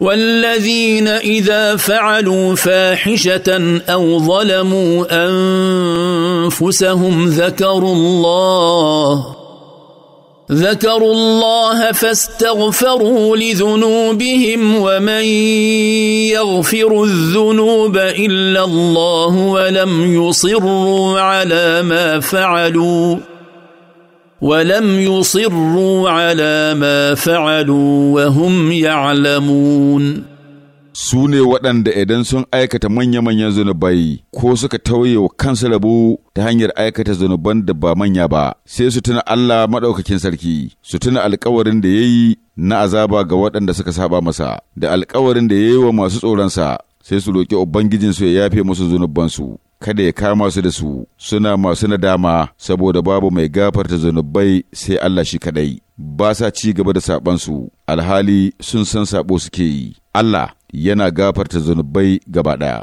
والذين اذا فعلوا فاحشه او ظلموا انفسهم ذكروا الله ذكروا الله فاستغفروا لذنوبهم ومن يغفر الذنوب الا الله ولم يصروا على ما فعلوا ولم يصروا على ما فعلوا وهم يعلمون su ne waɗanda idan sun aikata manya-manyan zunubai ko suka tauye wa kansu rabu ta hanyar aikata zunuban da ba manya ba sai su tuna Allah maɗaukakin sarki su tuna alkawarin da ya yi na azaba ga waɗanda suka saba masa da alkawarin da ya yi wa masu tsoronsa sai su roƙi ubangijinsu ya yafe musu zunubansu kada ya kama su da su suna masu nadama saboda babu mai gafarta zunubai sai Allah shi kadai ba sa ci gaba da sabansu alhali sun san sabo suke yi Allah yana gafarta zunubai gaba ɗaya.